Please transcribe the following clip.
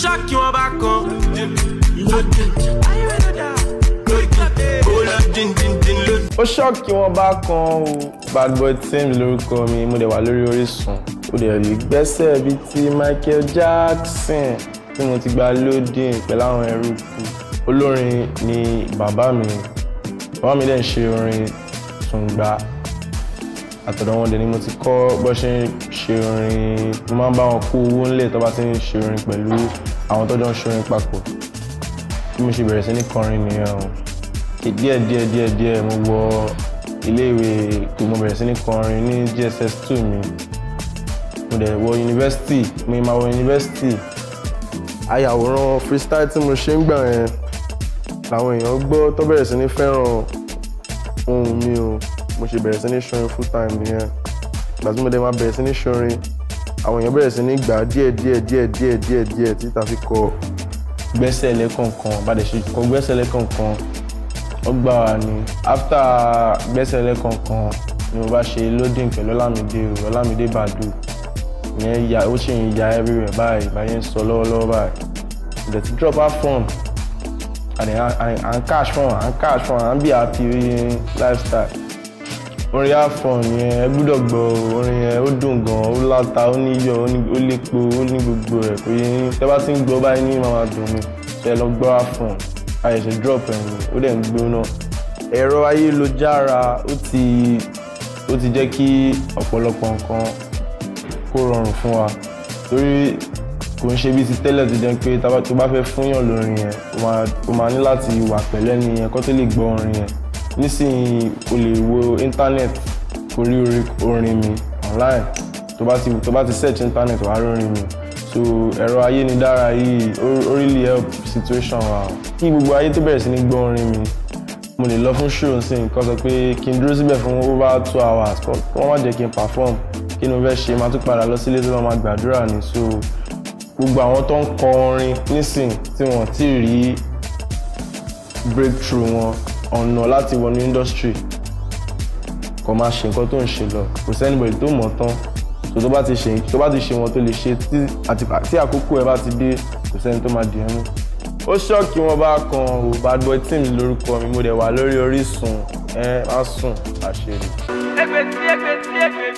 shock ṣáàkì wọn bá kan. ó ṣọ́ọ̀kì wọn bá kan o Bad Boy Timz lórúkọ mi mo dẹ̀ wà lórí Orísun ó dẹ̀ rí gbẹ́sẹ̀ bíi ti Michael Jackson tí mo ti gba loading pẹ̀lú àwọn ẹrú kù olórin ni bàbá mi bàbá mi dẹ̀ ń ṣe orin tùǹgbà àtọ̀dọ̀ wọn dẹ̀ ni mo ti kọ́ bó ṣe ń ṣe orin mo máa ń bá wọn kó owó ńlẹ̀ tó bá ti ń ṣe orin pẹ̀lú àwọn tó jọ ń ṣe orin papọ̀ bí mo ṣe bẹ̀rẹ̀ sí ní kọrin nìyẹn o díẹ̀ díẹ̀ díẹ̀ díẹ̀ mo wọ iléèwé tó mo bẹ̀rẹ̀ sí ní kọrin ní JSS two mi mo dẹ̀ wọ yunifásitì mo máa wọ yunifásitì ayàwòrán freestyle tí mo ṣe ń gbà yẹn làwọn èèyàn gbọ́ tó bẹ̀rẹ̀ sí ní fẹ́ràn ohun mi o mo ṣe bẹ̀rẹ̀ sí ní ṣorin full time nìyẹn ìgbà tí mo dé máa bẹ̀rẹ̀ sí ní ṣorin àwọn èèyàn bẹ̀rẹ̀ sí ní gbà díẹ̀ díẹ̀ díẹ̀ díẹ̀ díẹ̀ díẹ̀ títa fi kọ gbẹ́sẹ̀ lẹ́kọ̀ọ̀kan bàdẹ̀ ṣe kọ gbẹ́sẹ̀ lẹ́kọ̀ọ̀kan ó gbà wá ní after gbẹ́sẹ̀ lẹ́kọ̀ọ̀kan ni mo bá ṣe loading pẹ̀lú Ọlámídé Ọlámídé Bàdù ìyẹn ya ó ṣì ń ya everywhere báyìí báyìí ń sọ lọ́wọ́lọ́wọ́ báyìí ìdẹ̀ ti drop out from and then cash from and cash from and be happy lifestyle orin afọ̀n yẹn ẹ gbúdọ̀ gbọ́ orin yẹn ó dùn gan ó láta ó níyọ̀ ó lépo ó ní gbogbo rẹ̀ kò yẹ yín tẹ́ bá ti ń gbọ́ báyìí ní màmá dùn mí ṣe lọ gbọ́ afọ̀n àyẹ̀ṣẹ̀ drop ẹ̀yìn ó dẹ̀ ń gbóná ẹ̀rọ ayélujára ó ti ó ti jẹ́ kí ọ̀pọ̀lọpọ̀ nǹkan kó rọrùn fún wa torí kò ń ṣe bí ti tẹ́lẹ̀ tó jẹ́ pé tó bá fẹ́ fúnyàn lórin yẹn ó máa ní láti wà pẹ̀lẹ́ nìyẹn kó tó lè gbọ́ orin yẹn nísìnyí o lè wo internet kò rí orin mi online tó bá ti tó bá ti search internet wàá rí orin mi so ẹ̀rọ ayélujára yìí ó really help situation wa kí gbogbo ayé tó bẹ̀rẹ̀ sí ní gbọ́ orin mi mo lè lọ fún show sí nǹkan sọ pé kí n dúró síbẹ̀ fún over two hours kó wọ́n má jẹ́ kí n perform kí ni mo fẹ́ ṣe máa tún padà lọ sílé tó lọ́ máa gbàdúrà ni so gbogbo àwọn tó ń kọ orin nísìn tí wọ́n ti rí breakthrough wọn ọ̀nà láti wọnú industry kó máa ṣe nǹkan tó ń ṣe lọ kò sẹ́nibọ̀dì tó mọ̀ tán tó bá ti ṣe tó bá ti ṣe wọn tó lè ṣe tí àkókò ẹ bá ti dé kò sẹ́ni tó máa dì ẹ́ mú. ó ṣọ́ọ̀kì wọn bá kan ò bá gbọ́ tí mi lórúkọ mi mo dẹ̀ wà lórí Orísun ẹ má sùn àṣírí. ẹgbẹ́ tí ẹgbẹ́ tí ẹgbẹ́.